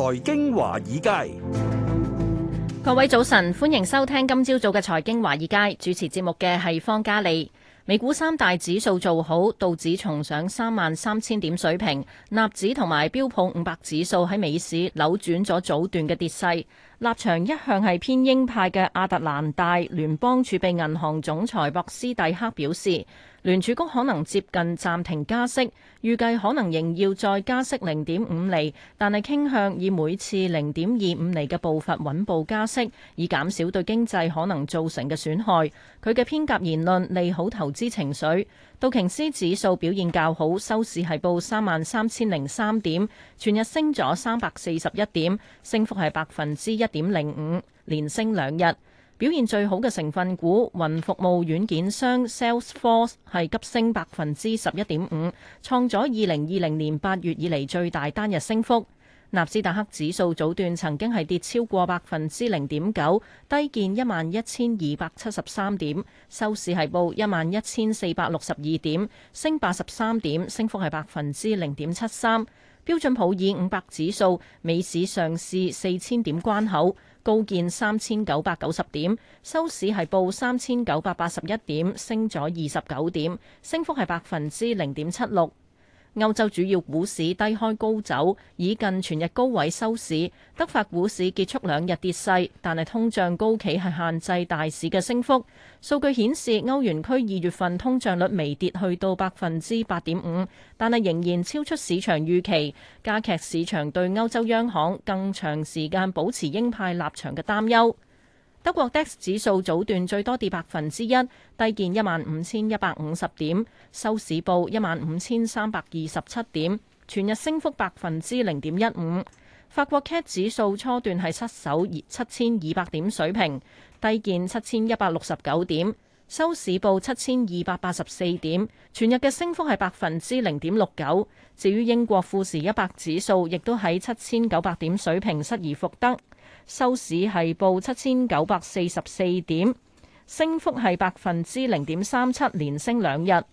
財經華爾街，各位早晨，歡迎收聽今朝早嘅財經華爾街。主持節目嘅係方嘉利。美股三大指數做好，道指重上三萬三千點水平，納指同埋標普五百指數喺美市扭轉咗早段嘅跌勢。立場一向係偏鷹派嘅亞特蘭大聯邦儲備銀行總裁博斯蒂克表示，聯儲局可能接近暫停加息，預計可能仍要再加息零點五厘，但係傾向以每次零點二五厘嘅步伐穩步加息，以減少對經濟可能造成嘅損害。佢嘅偏鴿言論利好投資情緒。道瓊斯指數表現較好，收市係報三萬三三千零三點，全日升咗三百四十一點，升幅係百分之一點零五，連升兩日。表現最好嘅成分股，雲服務軟件商 Salesforce 係急升百分之十一點五，創咗二零二零年八月以嚟最大單日升幅。納斯達克指數早段曾經係跌超過百分之零點九，低見一萬一千二百七十三點，收市係報一萬一千四百六十二點，升八十三點，升幅係百分之零點七三。標準普爾五百指數尾市上試四千點關口，高見三千九百九十點，收市係報三千九百八十一點，升咗二十九點，升幅係百分之零點七六。歐洲主要股市低開高走，以近全日高位收市。德法股市結束兩日跌勢，但係通脹高企係限制大市嘅升幅。數據顯示，歐元區二月份通脹率微跌去到百分之八點五，但係仍然超出市場預期，加劇市場對歐洲央行更長時間保持鷹派立場嘅擔憂。德國 DAX 指數早段最多跌百分之一，低見一萬五千一百五十點，收市報一萬五千三百二十七點，全日升幅百分之零點一五。法國 CAC 指數初段係失守七千二百點水平，低見七千一百六十九點。收市報七千二百八十四點，全日嘅升幅係百分之零點六九。至於英國富時一百指數，亦都喺七千九百點水平失而復得，收市係報七千九百四十四點，升幅係百分之零點三七，連升兩日。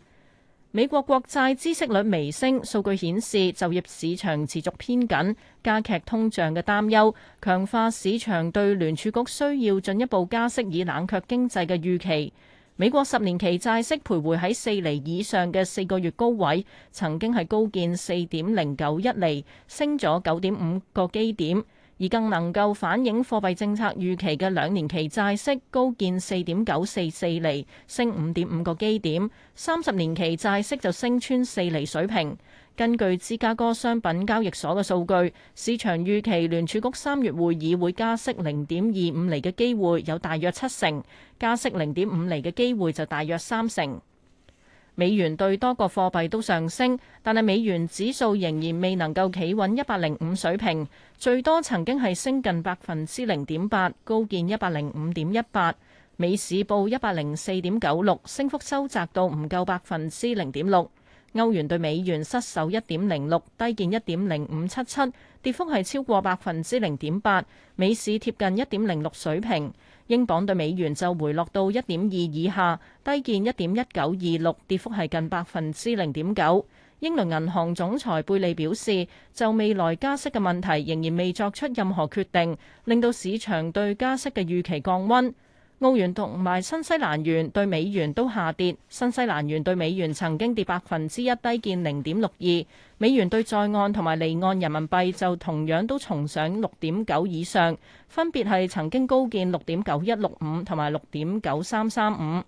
美國國債孳息率微升，數據顯示就業市場持續偏緊，加劇通脹嘅擔憂，強化市場對聯儲局需要進一步加息以冷卻經濟嘅預期。美國十年期債息徘徊喺四厘以上嘅四個月高位，曾經係高見四點零九一厘，升咗九點五個基點；而更能夠反映貨幣政策預期嘅兩年期債息高見四點九四四厘，升五點五個基點；三十年期債息就升穿四厘水平。根據芝加哥商品交易所嘅數據，市場預期聯儲局三月會議會加息零點二五厘嘅機會有大約七成，加息零點五厘嘅機會就大約三成。美元對多個貨幣都上升，但係美元指數仍然未能夠企穩一百零五水平，最多曾經係升近百分之零點八，高見一百零五點一八。美市報一百零四點九六，升幅收窄到唔夠百分之零點六。歐元對美元失守一點零六，低見一點零五七七，跌幅係超過百分之零點八。美市貼近一點零六水平，英鎊對美元就回落到一點二以下，低見一點一九二六，跌幅係近百分之零點九。英倫銀行總裁貝利表示，就未來加息嘅問題仍然未作出任何決定，令到市場對加息嘅預期降温。澳元同埋新西蘭元對美元都下跌，新西蘭元對美元曾經跌百分之一，低見零點六二，美元對在岸同埋離岸人民幣就同樣都重上六點九以上，分別係曾經高見六點九一六五同埋六點九三三五。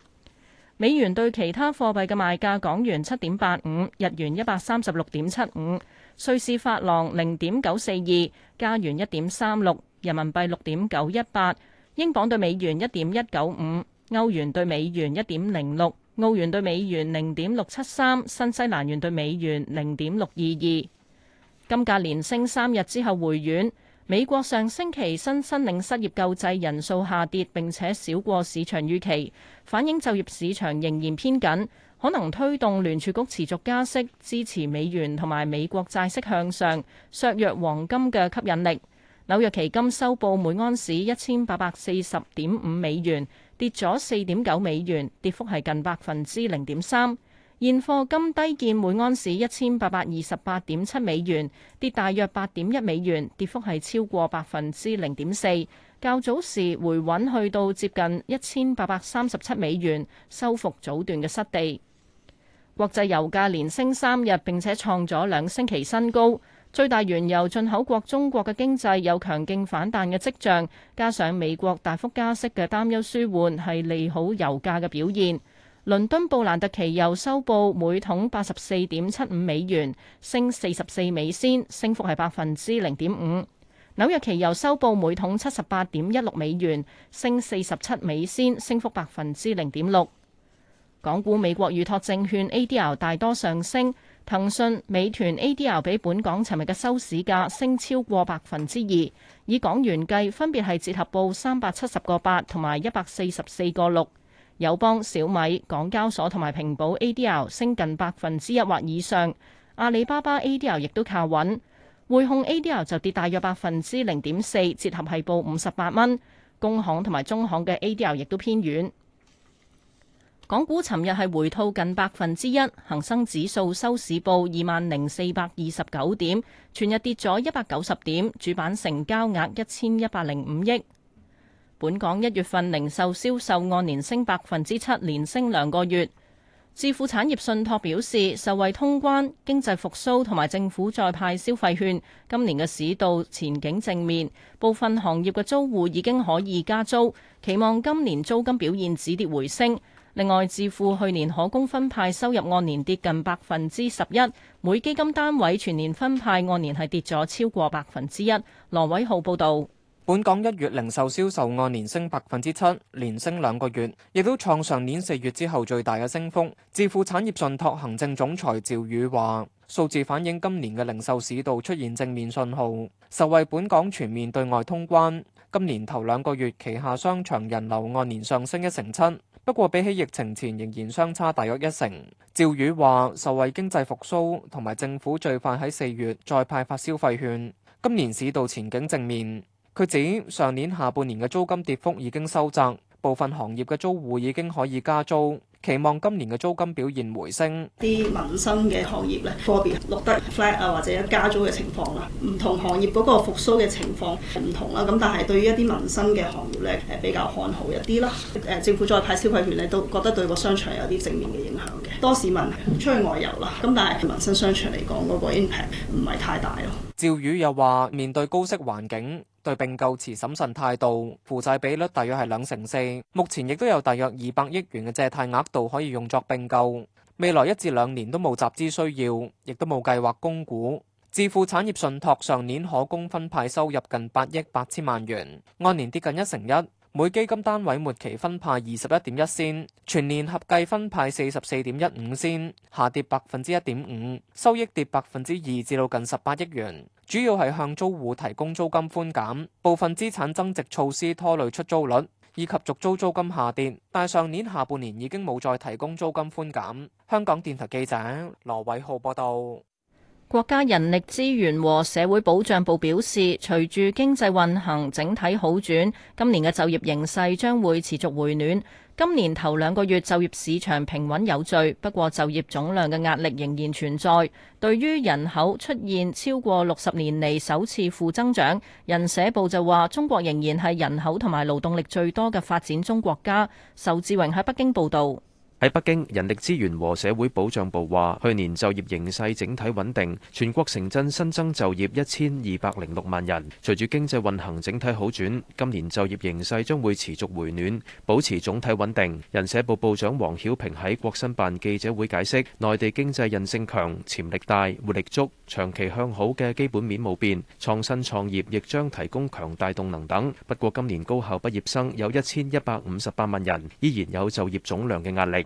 美元對其他貨幣嘅賣價，港元七點八五，日元一百三十六點七五，瑞士法郎零點九四二，加元一點三六，人民幣六點九一八。英鎊兌美元一點一九五，歐元兌美元一點零六，澳元兌美元零點六七三，新西蘭元兌美元零點六二二。金價連升三日之後回軟。美國上星期新申領失業救濟人數下跌，並且少過市場預期，反映就業市場仍然偏緊，可能推動聯儲局持續加息，支持美元同埋美國債息向上，削弱黃金嘅吸引力。紐約期金收報每安士一千八百四十點五美元，跌咗四點九美元，跌幅係近百分之零點三。現貨金低見每安士一千八百二十八點七美元，跌大約八點一美元，跌幅係超過百分之零點四。較早時回穩去到接近一千八百三十七美元，收復早段嘅失地。國際油價連升三日，並且創咗兩星期新高。最大原油進口國中國嘅經濟有強勁反彈嘅跡象，加上美國大幅加息嘅擔憂舒緩，係利好油價嘅表現。倫敦布蘭特期油收報每桶八十四點七五美元，升四十四美仙，升幅係百分之零點五。紐約期油收報每桶七十八點一六美元，升四十七美仙，升幅百分之零點六。港股美國預託證券 ADR 大多上升。騰訊、美團 ADR 比本港尋日嘅收市價升超過百分之二，以港元計分別係折合報三百七十個八同埋一百四十四個六。友邦、小米、港交所同埋平保 ADR 升近百分之一或以上，阿里巴巴 ADR 亦都靠穩，匯控 ADR 就跌大約百分之零點四，折合係報五十八蚊。工行同埋中行嘅 ADR 亦都偏軟。港股尋日係回吐近百分之一，恒生指數收市報二萬零四百二十九點，全日跌咗一百九十點，主板成交額一千一百零五億。本港一月份零售銷售按年升百分之七，連升兩個月。置富產業信託表示，受惠通關、經濟復甦同埋政府再派消費券，今年嘅市道前景正面，部分行業嘅租戶已經可以加租，期望今年租金表現止跌回升。另外，置富去年可供分派收入按年跌近百分之十一，每基金單位全年分派按年係跌咗超過百分之一。羅偉浩報道，本港一月零售銷售按年升百分之七，連升兩個月，亦都創上年四月之後最大嘅升幅。置富產業信託行政總裁趙宇話，數字反映今年嘅零售市道出現正面信號，受惠本港全面對外通關。今年頭兩個月旗下商場人流按年上升一成七。不過比起疫情前仍然相差大約一成。趙宇話：受惠經濟復甦，同埋政府最快喺四月再派發消費券，今年市道前景正面。佢指上年下半年嘅租金跌幅已經收窄，部分行業嘅租戶已經可以加租。期望今年嘅租金表現回升。啲民生嘅行業咧，個別錄得 flat 啊，或者一加租嘅情況啦。唔同行業嗰個復甦嘅情況唔同啦。咁但係對於一啲民生嘅行業咧，誒比較看好一啲啦。誒政府再派消費券咧，都覺得對個商場有啲正面嘅影響嘅。多市民出去外遊啦。咁但係民生商場嚟講，嗰個 impact 唔係太大咯。趙宇又話：面對高息環境，對併購持審慎態度，負債比率大約係兩成四。目前亦都有大約二百億元嘅借貸額度可以用作併購。未來一至兩年都冇集資需要，亦都冇計劃供股。置富產業信託上年可供分派收入近八億八千萬元，按年跌近一成一。每基金單位末期分派二十一點一仙，全年合計分派四十四點一五仙，下跌百分之一點五，收益跌百分之二至到近十八億元。主要係向租戶提供租金寬減，部分資產增值措施拖累出租率，以及續租租金下跌。但上年下半年已經冇再提供租金寬減。香港電台記者羅偉浩報道。國家人力資源和社會保障部表示，隨住經濟運行整體好轉，今年嘅就業形勢將會持續回暖。今年頭兩個月就業市場平穩有序，不過就業總量嘅壓力仍然存在。對於人口出現超過六十年嚟首次負增長，人社部就話，中國仍然係人口同埋勞動力最多嘅發展中國家。仇志榮喺北京報道。喺北京，人力資源和社會保障部話，去年就業形勢整體穩定，全國城鎮新增就業一千二百零六萬人。隨住經濟運行整體好轉，今年就業形勢將會持續回暖，保持總體穩定。人社部部長王曉萍喺國新辦記者會解釋，內地經濟韌性強、潛力大、活力足，長期向好嘅基本面冇變，創新創業亦將提供強大動能等。不過，今年高校畢業生有一千一百五十八萬人，依然有就業總量嘅壓力。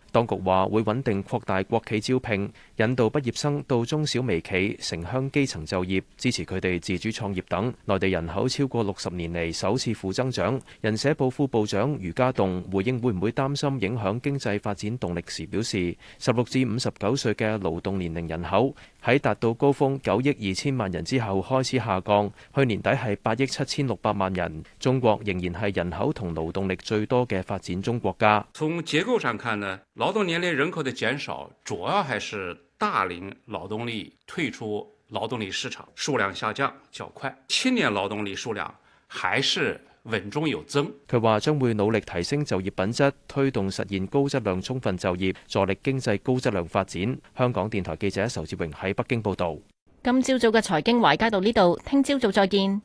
當局話會穩定擴大國企招聘，引導畢業生到中小微企、城鄉基層就業，支持佢哋自主創業等。內地人口超過六十年嚟首次負增長。人社部副部長余家棟回應會唔會擔心影響經濟發展動力時表示，十六至五十九歲嘅勞動年齡人口喺達到高峰九億二千萬人之後開始下降，去年底係八億七千六百萬人。中國仍然係人口同勞動力最多嘅發展中國家。從結構上看呢，勞動年齡人口的減少，主要還是大齡勞動力退出勞動力市場數量下降較快，青年勞動力數量還是穩中有增。佢話將會努力提升就業品質，推動實現高質量充分就業，助力經濟高質量發展。香港電台記者仇志榮喺北京報道。今朝早嘅財經華爾街到呢度，聽朝早再見。